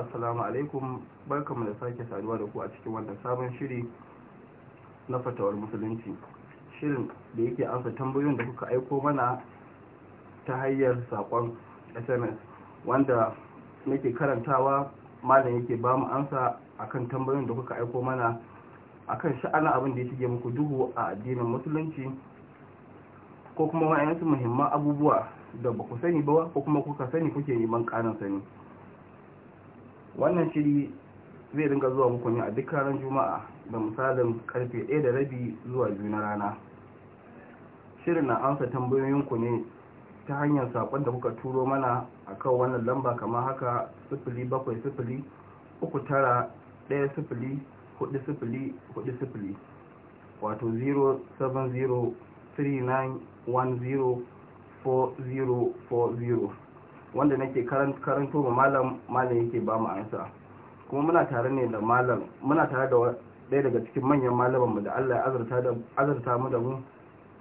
assalamu alaikum barkamu da sake saduwa da ku a cikin wannan sabon shiri na fatawar musulunci shirin da yake amsa tambayoyin da kuka aiko mana ta hanyar sakon sms wanda nake karantawa malam yake ba mu ansa akan tambayoyin da kuka aiko mana akan sha'anin abin da ya shige muku duhu a addinin musulunci ko kuma wa'yansu muhimman abubuwa da ba ku sani ba ko kuma kuka sani kuke neman ƙarin sani wannan shiri zai ringa zuwa muku ne a duk ranar juma'a da misalin karfe 1 da rabi zuwa juna rana shirin na amsa tambayoyin ku ne ta hanyar sakon da kuka turo mana a kan wannan lamba kama haka 0700 uku tara ɗaya wato 070 wanda nake karanto ma malam malam yake ba mu ansa kuma muna tare ne da malam muna tare da ɗaya daga cikin manyan malaman mu da Allah ya azurta da azurta mu da mu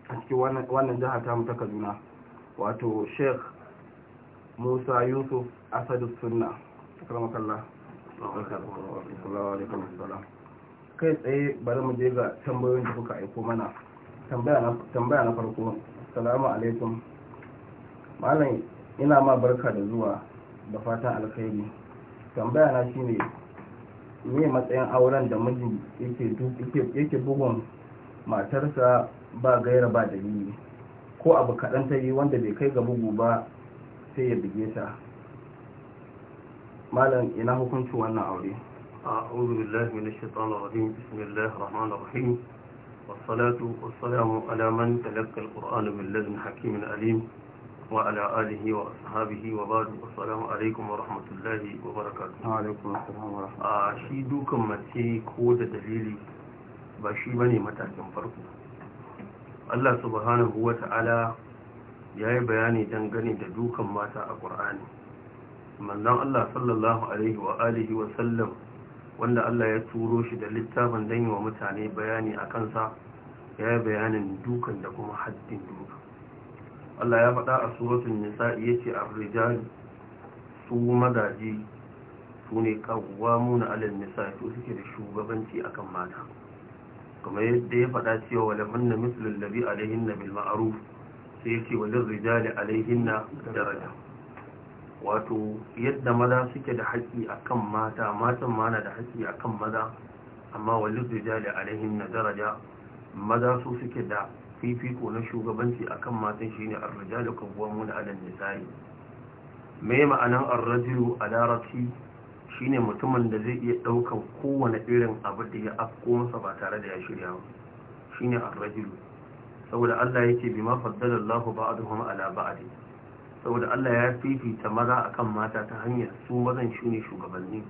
a cikin wannan jiha ta mu ta Kaduna wato Sheikh Musa Yusuf Asadu Sunna akramakallah kai tsaye bari mu je ga tambayoyin da kuka aiko mana tambaya na farko salamu alaikum malam ina ma barka da zuwa da fatan alkhairi tambaya na shine me matsayin auren da miji yake bugun matarsa ba gaira ba dalili ko abu kaɗan ta yi wanda bai kai ga bugu ba sai ya bige ta malam ina hukunci wannan aure أعوذ بالله من الشيطان الرجيم بسم الله الرحمن الرحيم والصلاة والسلام على من تلقى القرآن من لدن حكيم أليم وعلى آله وأصحابه وبعد السلام عليكم ورحمة الله وبركاته وعليكم السلام ورحمة الله شي دوكم متي كود دليلي باشي بني متاكم فرقو الله سبحانه وتعالى ya yi bayani dangane da dukan mata a ƙur'ani manzon Allah sallallahu alaihi wa wa sallam wanda Allah ya turo shi da littafin don yi wa mutane bayani a kansa ya yi bayanin dukan da kuma haddin duka. Allah ya faɗa a suratun nisa nisa'i yace ar-rijal su magaji su ne kawwamuna 'ala an nisa su suke da shugabanci akan mata kuma yadda ya faɗa cewa wala manna mislul ladhi alaihinna bil ma'ruf sai ya yace walil rijali na daraja wato yadda maza suke da haƙƙi akan mata matan ma na da haƙƙi akan maza amma walil rijali na daraja maza su suke da fifiko na shugabanci akan matan shine ar-rijalu qawwamuna 'ala an-nisa'i me ma'anan ar-rajulu a shi shine mutumin da zai iya ɗaukan kowane irin abu da ya afko masa ba tare da ya shirya ba Shi ne rajulu saboda Allah yake bima faddala b'a ba'dahum 'ala ba'd saboda Allah ya fifita maza akan mata ta hanyar su mazan ne shugabanni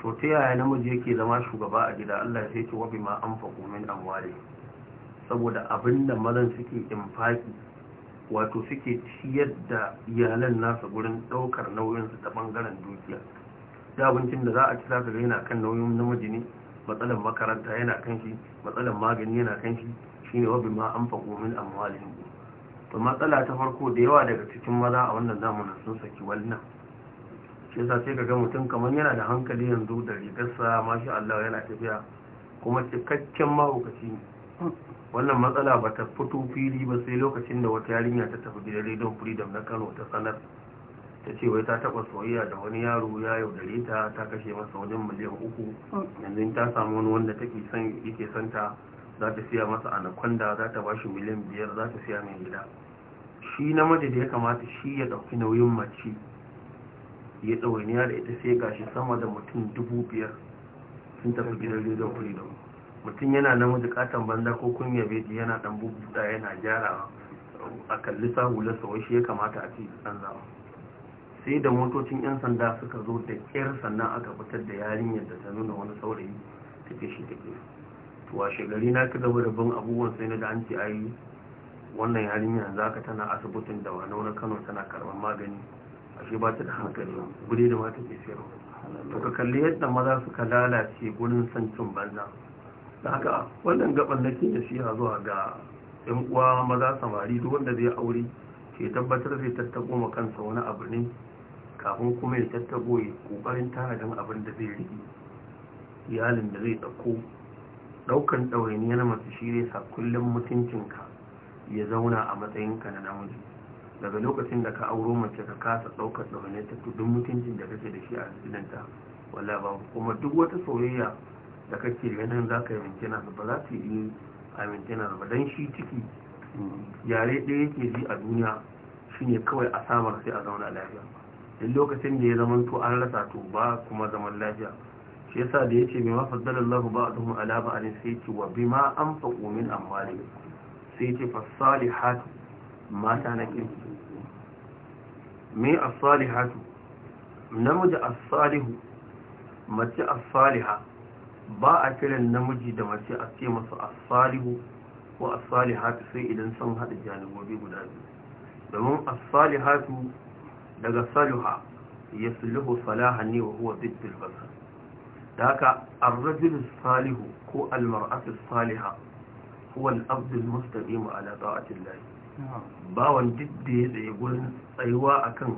to ta yaya namiji yake zama shugaba a gida Allah sai ya ce wa an anfaqu min amwalihim saboda abinda da mazan suke infaki wato suke ciyar da iyalan nasa gurin daukar nauyinsu ta bangaren dukiya da abincin da za a ci zaka ga yana kan nauyin namiji ne matsalan makaranta yana kan shi matsalan magani yana kan shi shine wabi ma an fa min amwalin to matsala ta farko da yawa daga cikin maza a wannan zamanin sun saki wannan shi yasa sai ga mutum kamar yana da hankali yanzu da rigarsa mashi Allah yana tafiya kuma cikakken mahaukaci ne wannan matsala ba ta fito fili ba sai lokacin da wata yarinya ta tafi gidan rediyon freedom na kano ta sanar ta ce wai ta taba soyayya da wani yaro ya yaudare ta ta kashe masa wajen miliyan uku yanzu ta samu wani wanda take son yake santa za ta siya masa anaconda za ta bashi miliyan biyar za ta siya mai gida shi maji da ya kamata shi ya ɗauki nauyin mace ya ɗawainiya da ita sai gashi sama da mutum dubu biyar sun tafi gidan rediyon freedom mutum yana nan bukatan banza ko kunya beji yana dan bubuta yana gyara a kalli sahularsa wai shi ya kamata a ce san zama sai da motocin yan sanda suka zo da kyar sannan aka fitar da yarinyar da ta nuna wani saurayi ta ke shi ke. to washe gari na ka gaba da bin abubuwan sai na da an ce yi wannan yarinyar za ka tana asibitin da wani wani kano tana karban magani ashe ba ta da hankali gudu da mata ke sayarwa to ka kalli yadda maza suka lalace gurin son cin banza da haka wannan gaban na da shi zuwa ga yan uwa maza samari duk wanda zai aure ke tabbatar zai tattabo ma kansa wani abu ne kafin kuma ya tattabo ya kokarin tanadin abin da zai rike iyalin da zai dauko daukan yana masu shi ne sa kullum mutuncinka ya zauna a matsayinka na namiji daga lokacin da ka auro mace ka kasa ɗaukar ɗawainiyar ta duk mutuncin da kake da shi a jidanta wallahi ba kuma duk wata soyayya da kake ganin za ka yi maintenance ba za su yi a maintenance ba don shi ciki yare ɗaya yake ji a duniya shine kawai a samar sai a zauna lafiya duk lokacin da ya zama to an rasa to ba kuma zaman lafiya shi yasa da yace bima faddalallahu ba'dhum ala ba'din sai yace wa bima anfaqu min amwalihim sai yace fasalihatu mata na kin me as-salihatu namiji as-salihu mace as-salihah ba a kiran namiji da mace a ce masu asalihu ko asalihatu sai idan sun haɗa janibobi guda biyu domin asalihatu daga saluha ya sulhu salaha ne wa huwa ziddul basar da haka arrajul salihu ko almar'atu saliha huwa al mustaqim ala ta'atillah bawan duk ya tsaye gurin tsayuwa akan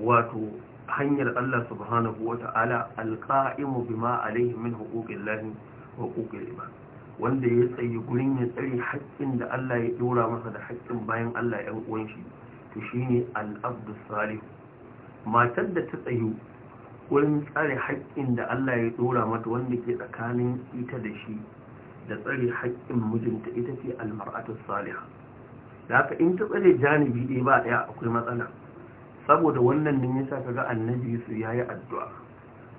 wato hanyar Allah subhanahu wa ta'ala alƙa'imu bima alaihi min hukukin lahi hukukin riba, wanda ya tsaye gurin ya tsare haƙƙin da Allah ya ɗora masa da haƙƙin bayan Allah ‘yan uwan shi to shi ne al'abdu salihu matar da ta tsaye gurin tsare haƙƙin da Allah ya ɗora mata wanda ke tsakanin ita da shi da tsare haƙƙin mijinta ita ce almar'atu saliha da haka in ta tsare janibi ɗaya ba ɗaya akwai matsala saboda wannan din yasa kaga annabi su yayi addu'a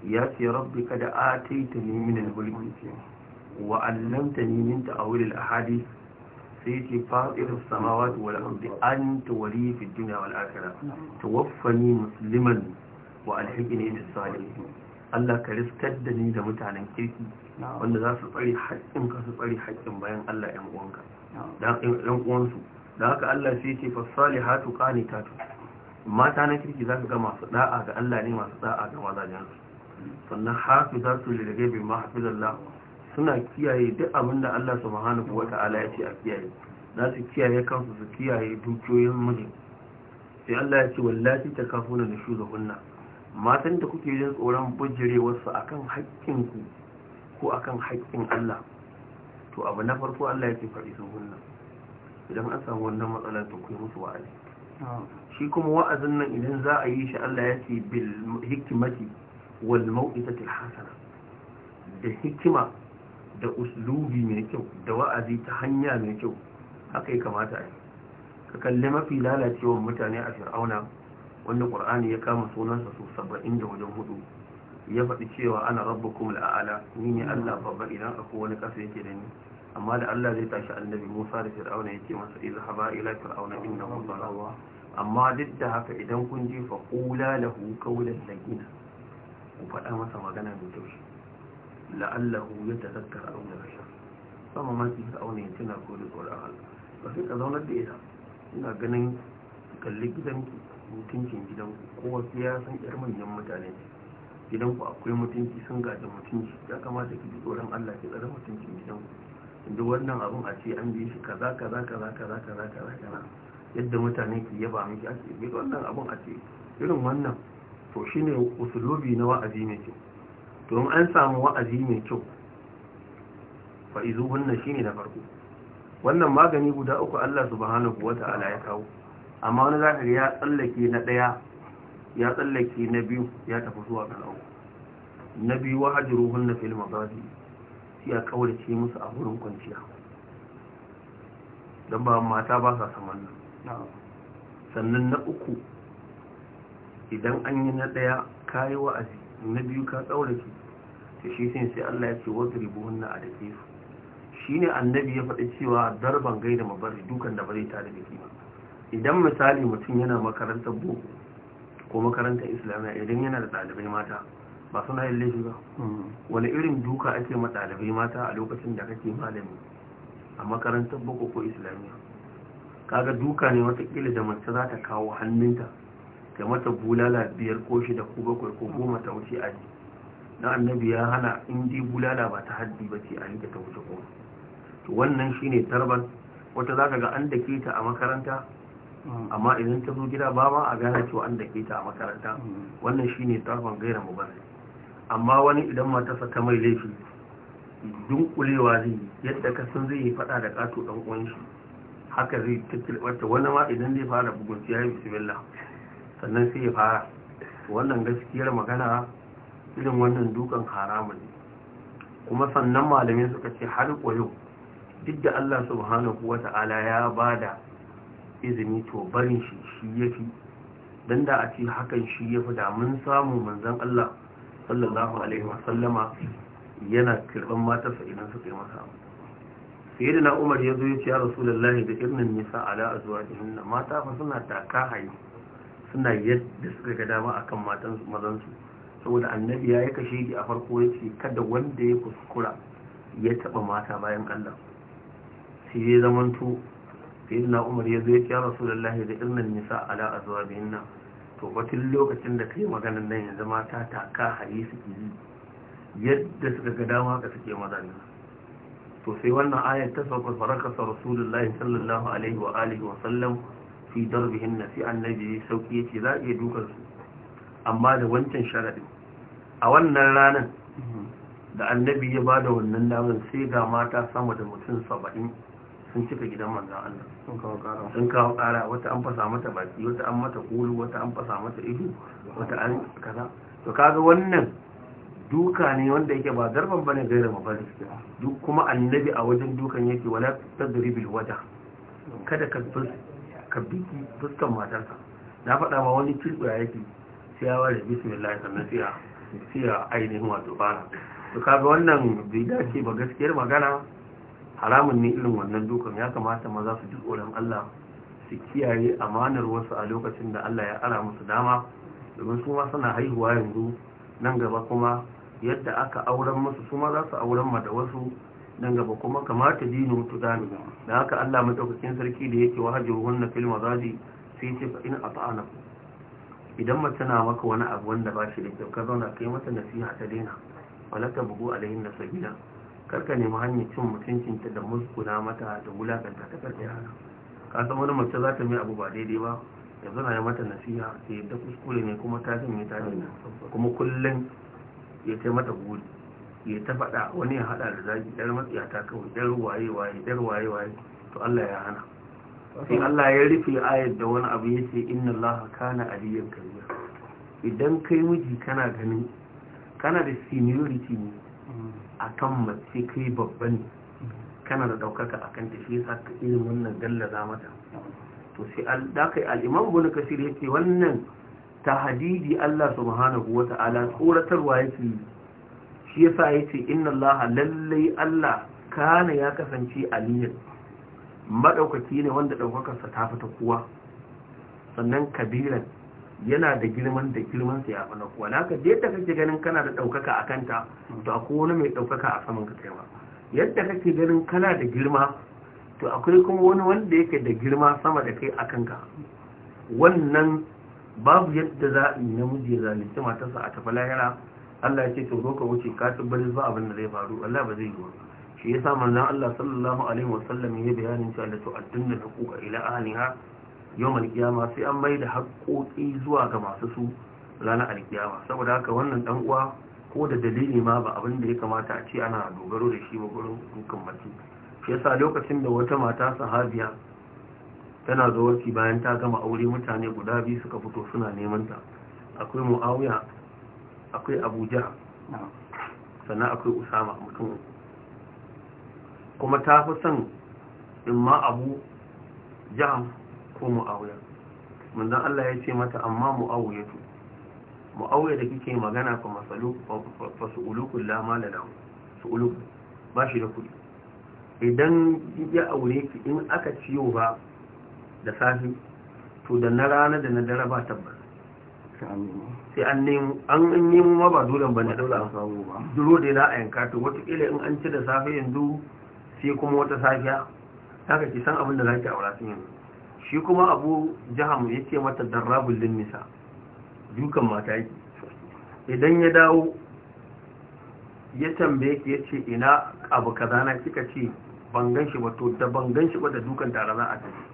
ya ce rabbi kada ataitani min al-mulki wa 'allamtani min ta'wil al-ahadith sai ce fa'irin samawa wal ardi anta wali fi dunya wal akhirah tawaffani musliman wa alhiqni bis salihin Allah ka riskar da ni da mutanen kirki wanda za su tsare haƙƙin ka su tsare haƙƙin bayan Allah ƴan uwanka dan uwansu da haka Allah sai ce fasalihatu tatu. mata na kirki za su ga masu da'a ga Allah ne masu da'a ga mazajen sannan hafi za su lirage bin mahafizallah suna kiyaye duk abin da Allah ko wata ala ya ce a kiyaye za su kiyaye kansu su kiyaye dukiyoyin miji sai Allah ya ce wallafi ta kafuna da hunna matan da kuke yin tsoron bujirewarsu akan hakkin ku ko akan haƙƙin Allah to abu na farko Allah ya ce faɗi sun hunna idan an samu wannan matsalar to ku yi musu wa'azi shi kuma wa'azin nan idan za a yi shi Allah ya ce bil hikimati wal mau'izati hasana da hikima da uslubi mai kyau da wa'azi ta hanya mai kyau haka ya kamata a yi ka kalli mafi lalacewar mutane a fir'auna wanda qur'ani ya kama sunansa su saba'in da wajen hudu ya faɗi cewa ana rabbukum la'ala ni ne Allah babba idan akwai wani ƙasa yake da ni amma da Allah zai tashi annabi Musa da Fir'auna yake masa izhaba ila fir'auna innahu dhalawa amma duk da haka idan kun ji fa da lahu qawlan layyina ku faɗa masa magana mai kyau la'allahu yatadhakkar aw yakhsha sama ma ki sa'o ne tana ko da tsoron Allah ba sai ka zaunar da ita ina ganin kalli gidanki mutuncin gidanku ko wasu ya san yar manyan mutane gidanku akwai mutunci sun gaji mutunci ya kamata ki ji tsoron Allah ki tsare mutuncin gidanku inda wannan abun a ce an bi shi kaza kaza kaza kaza kaza kaza yadda mutane ke yaba miki a ce wannan abun a ce irin wannan to shine usulobi na wa'azi mai kyau to an samu wa'azi mai kyau fa shi ne na farko wannan magani guda uku Allah su wata ala ya kawo amma wani zaka ya tsallake na ɗaya ya tsallake na biyu ya tafi zuwa ga lau na biyu wahajruhunna fil mazaji ya kaurace musu a wurin kwanciya don ba mata ba sa saman nan sannan na uku idan an yi na ɗaya kayi wa'azi na biyu ka tsauraki ta shi sai sai Allah ya ce wata ribuhun na a da su shi ne annabi ya faɗi cewa darban gai da mabari dukan da bari tare da kima idan misali mutum yana makarantar boko ko makarantar islamiyya idan yana da ɗalibai mata ba suna yin laifi ba mm-hmm. wani irin duka ake ma ɗalibai mata a lokacin da kake malami a makarantar boko ko islamiyya kaga duka ne watakila da mace za ta kawo hannunta ta mata bulala biyar ko shida ko bakwai ko goma ta wuce aji na annabi ya hana in dai bulala ba ta haddi ba ce a da ta wuce goma to wannan shine tarban wata za ka ga an dake ta a makaranta amma idan ta zo gida ba ma a gane cewa an dake ta a makaranta wannan shine tarban gaira mubarri amma wani idan matarsa ta mai laifi dunkulewa zai yadda kasan zai yi fada da kato dan uwan shi haka zai wata wani ma idan zai fara bugun ya yi bismillah sannan sai ya fara wannan gaskiyar magana irin wannan dukan harama ne kuma sannan malamin suka ce har koyo duk da Allah subhanahu wa ta'ala ya ba da izini to barin shi shi fi don da a ce hakan shi ya da mun samun manzon Allah sallallahu alaihi wasallama yana karɓar matarsa idan suka yi masa na umar ya zo ya ce ya rasulullahi da irin nisa ala azwajihim mata fa suna taka hayi suna yadda suka ga dama akan matan mazan su saboda annabi ya yi kashe a farko ya ce kada wanda ya kuskura ya taba mata bayan Allah sai ya zamanto na umar ya zo ya ce ya rasulullahi da irin nisa ala azwajihim to batun lokacin da kai maganin nan yanzu mata taka hayi suke yi yadda suka ga dama ka suke maza ne to sai wannan ayar ta sauka farakasa rasulullahi sallallahu alaihi wa alihi wa sallam fi darbihin na annabi sauki yake za a iya su amma da wancan sharadin a wannan ranar da annabi ya ba da wannan damar sai ga mata sama da mutum saba'in sun cika gidan manzan Allah sun kawo kara wata an fasa mata baki wata an mata kulu wata an fasa mata ido wata an kaza to kaga wannan duka ne wanda yake ba darban bane gaira mafalis duk kuma annabi a wajen dukan yake wala tadribil waja kada ka ka biki fuskan matarka na faɗa ma wani kirkuya yake sai ya ware bismillah ta nasiya sai ya ainihin wato fara to kaga wannan bai dace ba gaskiyar magana haramun ne irin wannan dukan ya kamata maza su ji tsoron Allah su kiyaye amanar wasu a lokacin da Allah ya ara musu dama domin su ma suna haihuwa yanzu nan gaba kuma yadda aka auren musu su ma za su auren ma da wasu dan gaba kuma kamata dinu mutu dami da haka Allah madaukakin sarki da yake wahaje wannan fil mazaji sai ce fa in ata'ana idan mace na maka wani abu wanda ba shi da kyau ka zauna kai mata nasiha ta daina wala ta bugu alaihin nasabila karka nemi hanyar cin mutuncinta da muskuna mata da wulakanta ta karfe hana ka san wani mace za ta mai abu ba daidai ba yanzu na yi mata nasiha sai yadda kuskure ne kuma ta jin ta tashi kuma kullum ya ta mata guri ya ta faɗa wani ya haɗa da zagi ɗar ta kawai ɗar waye waye ɗar waye waye to Allah ya hana sai Allah ya rufe ayar da wani abu ya ce inna Allah kana aliyyan kariya idan kai miji kana ganin kana da seniority ne akan mace kai babba kana da ɗaukaka akan ta shi yasa ka irin wannan gallaza mata to sai da kai al-imam kasir yake wannan Ta hadidi, Allah subhanahu wata'ala tsoratarwa yake shi ya sa ya ce, inna Allah lallai Allah kana ya kasance aliyan maɗaukaki ne wanda ɗaukakarsa ta fita kuwa? sannan kabiran yana da girman da girman sa ya fana kuwa naka da yadda kake ganin kana da ɗaukaka a kanta to akwai wani mai ɗaukaka a saman ka kaiwa yadda kake ganin kana da girma to akwai kuma wani wanda yake da girma sama da kai a kanka wannan babu yadda za a yi namiji zalunci matarsa a tafi lahira Allah ya ce to zo ka wuce ka tabbari ba abin da zai faru Allah ba zai yi ba shi yasa manzon Allah sallallahu alaihi wasallam ya bayanin cewa la tu'addun al-huquqa ila ahliha yau mai kiyama sai an mai da haƙoƙi zuwa ga masu su ranar alkiyama saboda haka wannan dan uwa ko da dalili ma ba abin da ya kamata a ce ana dogaro da shi ba gurin dukkan mace shi yasa lokacin da wata mata sahabiya tana zuwarci bayan ta gama aure mutane guda biyu suka fito suna neman ta akwai mu'awiya akwai abuja sannan akwai usama mutum kuma ta fi son in ma abu jam ko mu'awiya mundan Allah ya ce mata amma mu'awiya tu mu'awiya da kike magana fa masalu fa su'ulukul la mala su su'uluk ba shi da kuɗi idan ya aure ki in aka ciyo ba da safi to da na rana da na dare ba tabbas sai an nemo an nemo ma ba dole ba da daula samu ba duro da za a yanka to watakila in an ci da safe yanzu sai kuma wata safiya haka ki san abin da zaki aura sun yanzu shi kuma abu jaham ya ce mata darrabul nisa dukan mata yake idan ya dawo ya tambaye ki ya ina abu kaza na kika ce ban gan ba to da ban gan shi ba da dukan tare za a tafi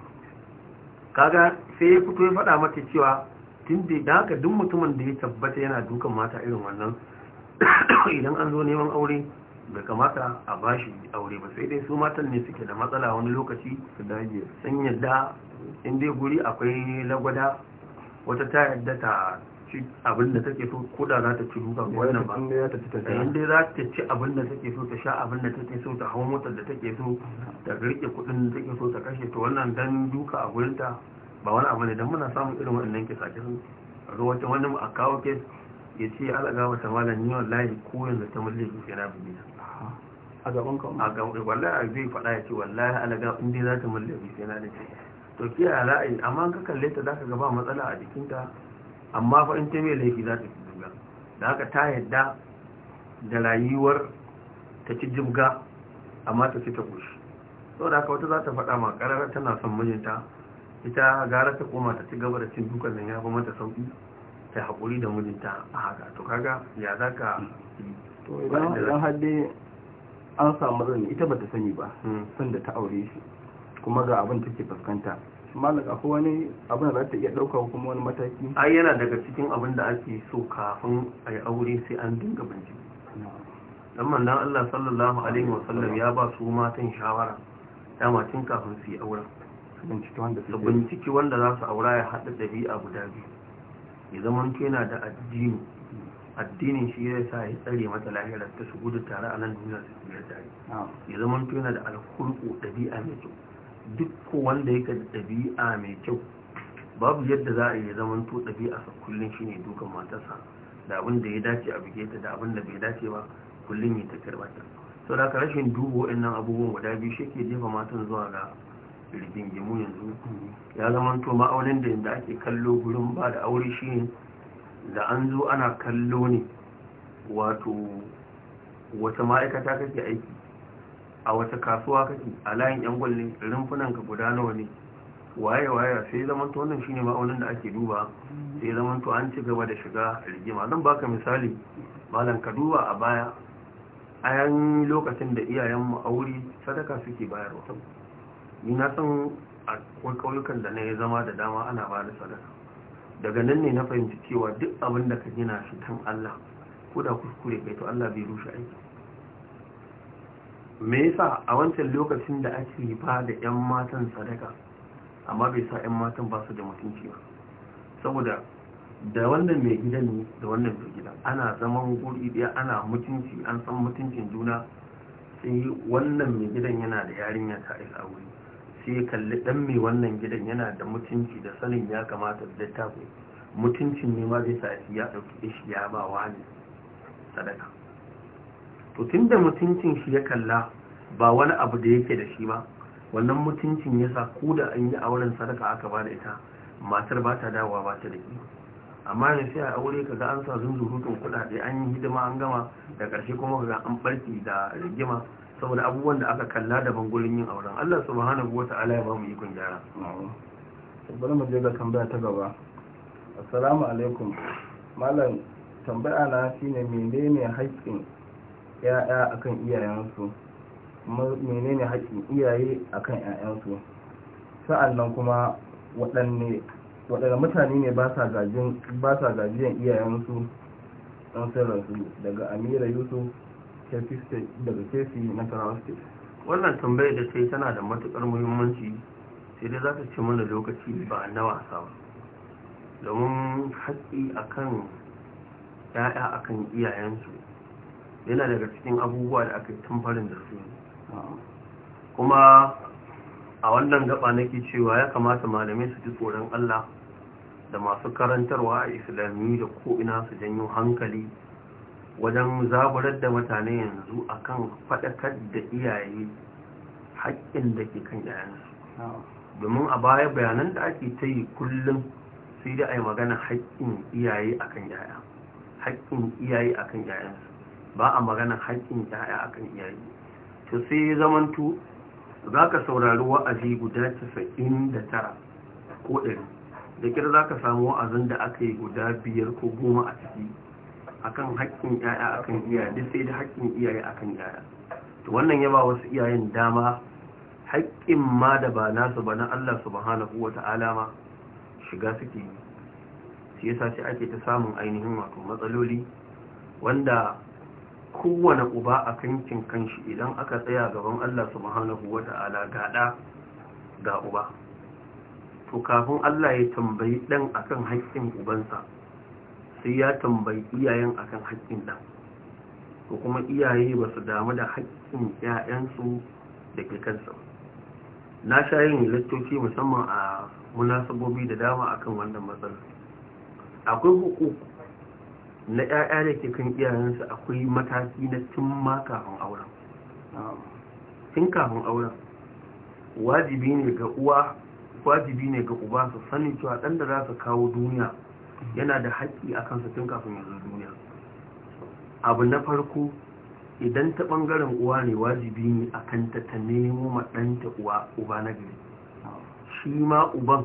kaga sai ya fito ya faɗa mata cewa tun da haka duk mutumin da ya tabbata yana dukan mata irin wannan idan an zo neman aure bai kamata a ba shi aure ba sai dai su matan ne suke da matsala wani lokaci sun yadda in dai guri akwai lagwada wata ta yadda ta abin da take so ko da za ta ci duka wannan ba eh, in dai za ta ci abin da take so ta sha abin da take so ta hau motar da take so ta rike kudin da take so ta kashe to wannan dan duka a gurin ta ba wani abu ne dan muna samun irin wannan kisa kisan ga wata wani a kawo ke ya ce alaga wata malam ni wallahi ko yanzu ta mulle ki na bi a gaban ka a gaban wallahi zai fada ya ce wallahi alaga in dai za ta mulli ki na da to kiyaye ra'ayi amma ka kalle ta zaka ga ba matsala a jikinta amma fa in ta mai laifi za ta ci jibga da haka ta yadda da rayuwar ta ci jibga amma ta ci ta kushi sau da haka wata za ta faɗa ma ƙarar tana son mijinta ita gara ta koma ta ci gaba da cin dukan nan ya fi mata sauƙi ta haƙuri da mijinta a haka to kaga ya za ka to idan an samu ita ba ta sani ba hmm. sanda ta aure shi kuma ga abin take fuskanta malaka ko wani abin da za ta iya ɗauka kuma wani mataki ai yana daga cikin abin da ake so kafin a yi aure sai an dinga bincike dan mandan Allah sallallahu alaihi wasallam ya ba su matan shawara dama tun kafin su yi auren su binciki wanda za su aura ya haɗa ɗabi'a guda biyu ya zama yana da addini addinin shi ya sa ya tsare mata lahirar ta su gudu tare a nan duniya su yi tare ya zama yana da alkurku ɗabi'a mai kyau duk wanda yake da ɗabi'a mai kyau babu yadda za a yi zaman to ɗabi'a sa kullum shine dukan matarsa da abin da ya dace a buge ta da abin da bai dace ba kullum ya ta karbata so da ka rashin dubo nan abubuwan guda biyu shi ke jefa matan zuwa ga rigingimu yanzu ya zaman to ma'aunin da yadda ake kallo gurin ba da aure shine da an zo ana kallo ne wato wata ma'aikata kake aiki a wata kasuwa kake a layin yan gwal ka guda nawa ne waye waye sai zaman to wannan shine ma'aunin da ake duba sai zaman to an ci gaba da shiga rigima zan baka misali malam ka duba a baya a yan lokacin da iyayen mu aure sadaka suke bayarwa ni na san akwai kauyukan da na ya zama da dama ana ba da sadaka daga nan ne na fahimci cewa duk abin da ka gina shi kan Allah ko da kuskure kai to Allah bai rushe aiki me yasa a wancan lokacin da ake ba da 'yan matan sadaka amma bai sa 'yan matan ba su da mutunci ba saboda da wannan mai gidan ne da wannan mai gidan ana zaman guri daya ana mutunci an san mutuncin juna sai wannan mai gidan yana da yarinya ta isa wuri sai kalli dan mai wannan gidan yana da mutunci da sanin ya kamata da littafi mutuncin ne ma zai sa ya dauki ishi ya ba wani sadaka to da mutuncin shi ya kalla ba wani abu da yake da shi ba wannan mutuncin ya sa ko da an yi auren sadaka aka ba da ita matar ba ta dawowa ba ta da ke amma ne sai a aure kaga an sa hutun kudade an yi hidima an gama da karshe kuma kaga an barki da rigima saboda abubuwan da aka kalla daban gurin yin auren Allah subhanahu wata'ala ya ba mu ikon gyara bari mu je ga tambaya ta gaba assalamu alaikum malam tambaya na shine menene haƙƙin 'ya'ya akan iyayensu menene haƙƙin iyaye akan 'ya'yansu sa'annan kuma waɗanne waɗanda mutane ne ba sa gajiyan iyayensu don sararsu daga amira yusuf daga kefi na tarawa state wannan tambayar da ta yi tana da matuƙar muhimmanci sai dai za ta ce mana lokaci ba na wasa ba domin haƙƙi akan ya'ya akan iyayensu yana daga cikin abubuwa da aka yi tamfarin da su kuma a wannan gaba nake cewa ya kamata malamai su ji tsoron Allah da masu karantarwa a islami da ko'ina su janyo hankali wajen zaburar da mutane yanzu akan faɗakar da iyaye haƙƙin da ke kan yayansu domin a baya bayanan da ake ta yi kullum sai da a yi magana haƙƙin iyaye a yaya haƙƙin iyaye akan yayansu ba a magana haƙƙin yaya akan iyaye to sai ya zamanto za ka saurari wa'azi guda 99 ko 100 da kira za ka samu wa'azin da aka yi guda biyar ko goma a ciki kan haƙƙin yaya akan iyaye duk sai da haƙƙin iyaye akan yaya to wannan ya ba wasu iyayen dama haƙƙin ma da ba nasu ba na Allah subhanahu wa ta'ala ma shiga suke yi shi yasa sai ake ta samun ainihin wato matsaloli wanda kowane uba a kankin kanshi idan aka tsaya gaban Allah subhanahu wa ta'ala gada ga uba to kafin Allah ya tambayi dan akan haƙƙin ubansa sai ya tambayi iyayen akan haƙƙin dan to kuma iyaye ba su damu da haƙƙin 'ya'yansu da ke kansa na sha yin lattoci musamman a munasabobi da dama akan wannan matsalar akwai hukuku na ƴaƴa da ke kan iyayensu akwai mataki na tun ma kafin auren tun kafin auren wajibi ne ga uwa wajibi ne ga uba su sani cewa ɗan da za su kawo duniya yana da haƙƙi a kansa tun kafin ya zo duniya abu na farko idan ta ɓangaren uwa ne wajibi ne a kan ta ta nemo ma ɗanta uwa uba na gari shi ma uban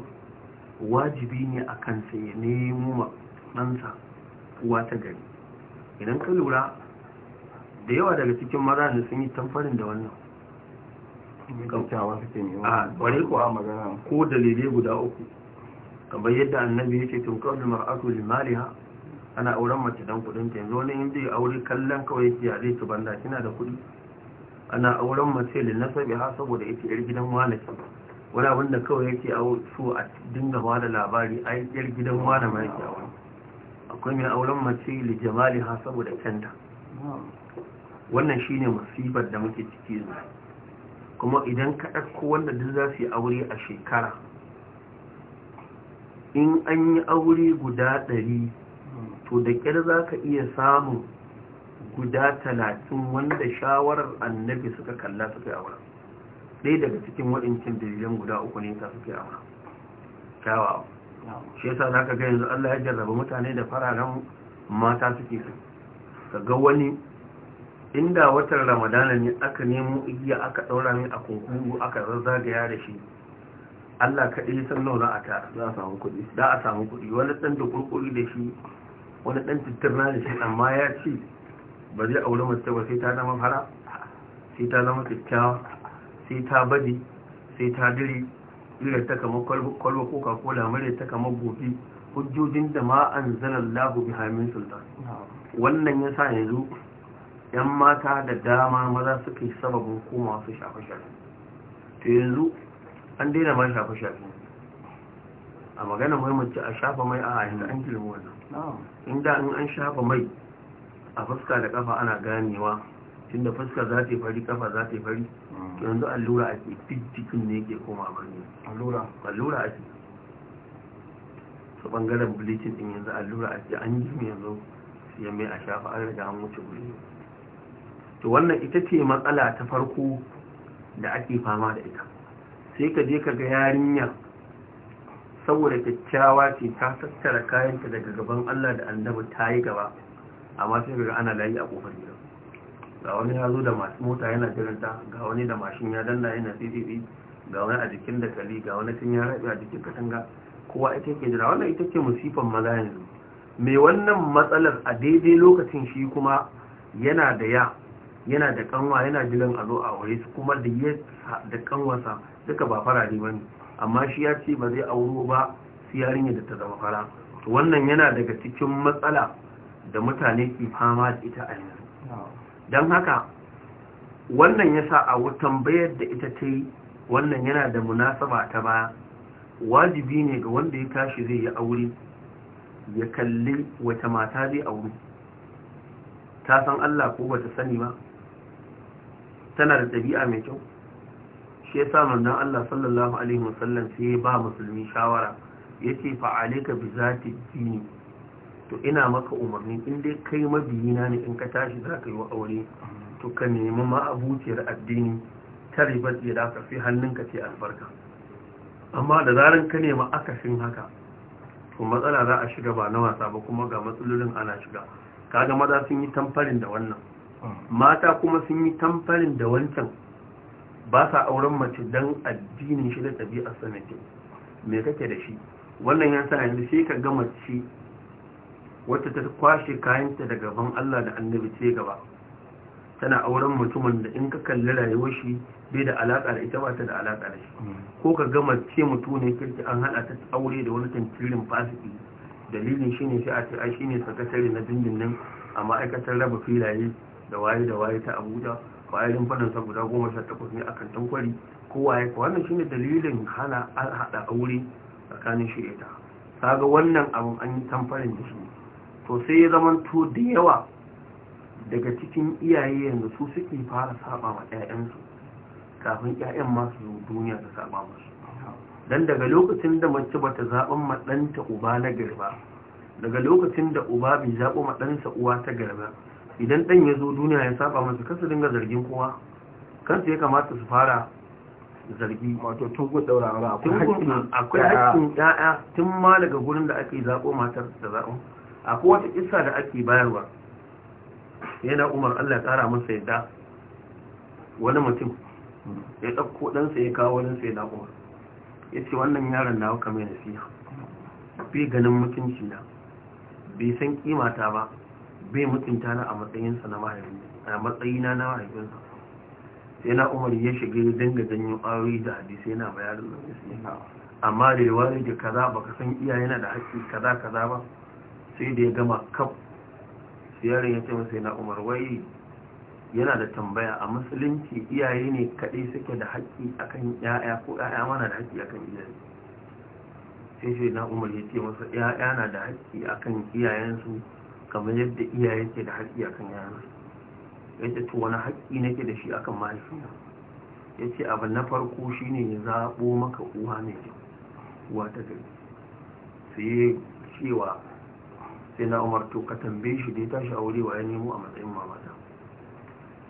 wajibi ne a kansa ya nemo ma ɗansa uwa ta gari idan ka lura da yawa daga cikin maza da sun yi tamfarin da wannan ah, ko dalilai guda uku kamar yadda annabi ya ce tunkar da mar'atu maliha ana auren mace don kudin ta yanzu wani yanzu ya aure kallon kawai yake ya zai banda kina da kudi ana auren mace da na nasabi ha saboda ita yar gidan wani ce wani abin kawai yake so a dinga ma da labari a yar gidan wani ma a wani. akwai mai auren mace da jamali ha saboda kyanta wannan shi ne masifar da muke ciki zuwa kuma idan ka ɗarko wanda duk za su yi aure a shekara in an yi aure guda ɗari to da ƙyar za ka iya samun guda talatin wanda shawarar annabi suka kalla suka yi aure ɗaya daga cikin waɗancan dalilan guda uku ne ta suka yi aure kyawawa shi yasa za ka ga yanzu Allah ya jarraba mutane da fararen mata suke su ka ga wani inda watan ramadana ne aka nemo igiya aka ɗaura min a kunkuru aka zazzagaya da shi Allah kaɗai san nau za a samu kuɗi wani ɗan da kurkuri da shi wani ɗan tattarna da shi amma ya ce ba zai aure mace ba sai ta zama fara sai ta zama kyakkyawa sai ta badi sai ta dire ta kamar kwalba kakola mara ta kamar gobe, hujjojin da ma an zanallahu bi hamin sultan wannan ya sa yanzu yan mata da dama maza suka yi sababin koma su shafe-shafe to yanzu an daina ma shafe-shafe a magana muhimmanci a shafa mai a yanzu an kilmi wannan inda an shafa mai a fuska da kafa ana ganewa tunda fuska za ta fari kafa za ta fari hmm. yanzu allura ake cikin ne ke koma bane allura allura ake ta bangaren bleaching din yanzu allura ake an yi yanzu ya mai a shafa an riga an wuce guri to wannan ita ce matsala ta farko da ake fama da ita sai ka je ka ga yarinya saboda kyakkyawa ce ta tattara kayanta daga gaban Allah da annabi ta yi gaba amma sai ga ana layi a kofar gidan ga wani ya zo da mota yana jiranta ga wani da mashin ya danna yana ga wani a jikin da kali ga wani tun ya rabi a jikin katanga kowa ita ke jira wannan ita ke musifan maza yanzu mai wannan matsalar a daidai lokacin shi kuma yana da ya yana da kanwa yana jiran a zo a aure su kuma da ya da kanwarsa duka ba farare ba ne amma shi ya ce ba zai auro ba su yarinya da ta zama fara wannan yana daga cikin matsala da mutane ke fama da ita a yanzu don haka wannan ya sa a bayar da ita ta yi wannan yana da munasaba ta baya wajibi ne ga wanda ya tashi zai yi aure ya kalli wata mata zai aure ta san Allah ko bata sani ba tana da ɗabi'a mai kyau shi ya sa manzon Allah sallallahu alaihi wasallam sai ya ba musulmi shawara ya fa fa'alika bi ta yi to ina maka umarni in dai kai mabiyina ne in ka tashi za ka yi wa aure to ka nemi ma'abuciyar addini ta ribar da ka fi hannunka ce albarka amma da zarar ka nema akasin haka to matsala za a shiga ba na wasa ba kuma ga matsalolin ana shiga kaga maza sun yi tamfarin da wannan mata kuma sun yi tamfarin da wancan ba sa auren mace don addinin shi da ɗabi'ar sanatin me kake da shi wannan ya yanzu sai ka ga mace wata ta kwashe kayanta daga ban Allah da annabi ce gaba tana auren mutumin da in ka kalli rayuwar shi bai da alaka da ita ba ta da alaƙa da shi mm. ko ka gama ce mutum ne kirki an hada ta aure da wani tantirin fasiki dalilin shi ne sai a ce a shi ne sakatare na dindindin a ma'aikatar raba filaye da waye da waye ta abuja kwayarin fadansa guda goma sha takwas ne a tankwari kwari waye ko wannan shi ne dalilin hana hada aure tsakanin shi ita ga wannan abin an yi tamfarin da shi to sai ya zama to da yawa daga cikin iyaye yanzu su suke fara saba wa 'ya'yansu kafin 'ya'yan masu zo duniya ta saba musu dan daga lokacin da mace bata zaɓin maɗanta uba na garba daga lokacin da uba bai zaɓo maɗansa uwa ta garba idan ɗan ya zo duniya ya saba masu kasu dinga zargin kowa kansu ya kamata su fara zargi wato tungun daura akwai haƙƙin akwai tun ma daga gurin da ake zaɓo matar da zaɓo akwai wata kissa da ake bayarwa yana umar Allah ya masa yadda wani mutum ya ɗauko ɗansa ya kawo wani sai na umar ya ce wannan yaron na waka mai nasiha bai ganin mutunci na bai san kimata ba bai mutunta na a matsayinsa na mahaifina na mahaifinsa sai na umar ya shiga ya dinga janyo ayoyi da hadisai na bayarin da amma da yawa da kaza baka san iyayena da haƙƙi kaza kaza ba sai da ya gama kaf siyarin ya ce masa na umar wai yana da tambaya a musulunci iyaye ne kaɗai suke da haƙƙi akan ya'ya ko ya'ya mana da haƙƙi akan iyaye sai shi na umar ya ce masa ya'ya na da haƙƙi akan iyayensu kamar yadda iyaye ke da haƙƙi akan yana ya ce to wani haƙƙi nake da shi akan mahaifina ya ce abu na farko shine ya zaɓo maka uwa mai kyau uwa ta gari sai cewa sai na umar ka tambaye shi da ya tashi aure wa ya nemo a matsayin mamata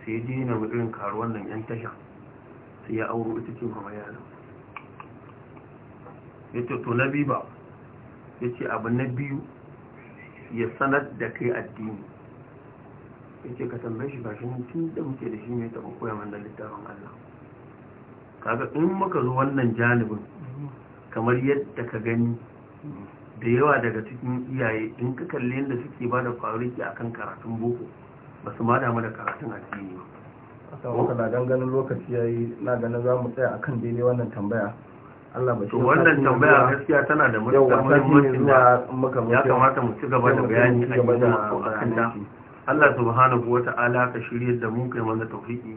sai ji na irin karuwan nan yan tasha sai ya auro ita ce mama yana ya ce na biyu ba ya ce abu na biyu ya sanar da kai addini ya ce ka tambaye shi ba shi tun da muke da shi mai taɓa koya man littafin Allah kaga in maka zo wannan janibin kamar yadda ka gani da yawa daga cikin iyaye in ka kalli yadda suke ba da fariki akan karatun boko ba su ma damu da karatun ne ba saboda na ganin lokaci yi na ganin za mu tsaya akan daidai wannan tambaya Allah ba shi wannan tambaya gaskiya tana da matuƙar muhimmanci ya kamata mu ci gaba da bayani a akan da. Allah subhanahu ala ka shirye da mu kai mana tawfiki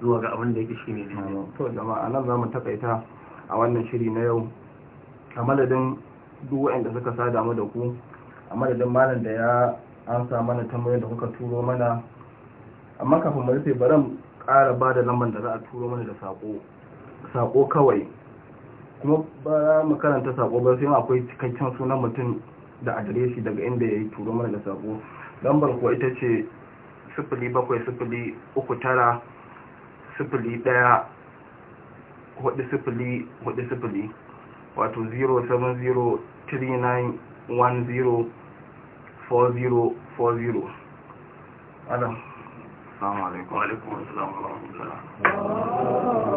zuwa ga abin da yake shine ne to jama'a nan za mu takaita a wannan shiri na yau a madadin duk waɗanda suka sada mu da ku a madadin malam da ya ansa mana tambayoyin da kuka turo mana amma kafin mu rufe baran ƙara ba da lambar da za a turo mana da sako sako kawai kuma ba mu karanta sako ba sai akwai cikakken sunan mutum da adireshi daga inda ya yi turo mana da sako lambar kuwa ita ce sifili bakwai sifili uku tara sifili ɗaya hudu sifili hudu sifili wato 0703910 adam salamu alaikum alaikum salamu alaikum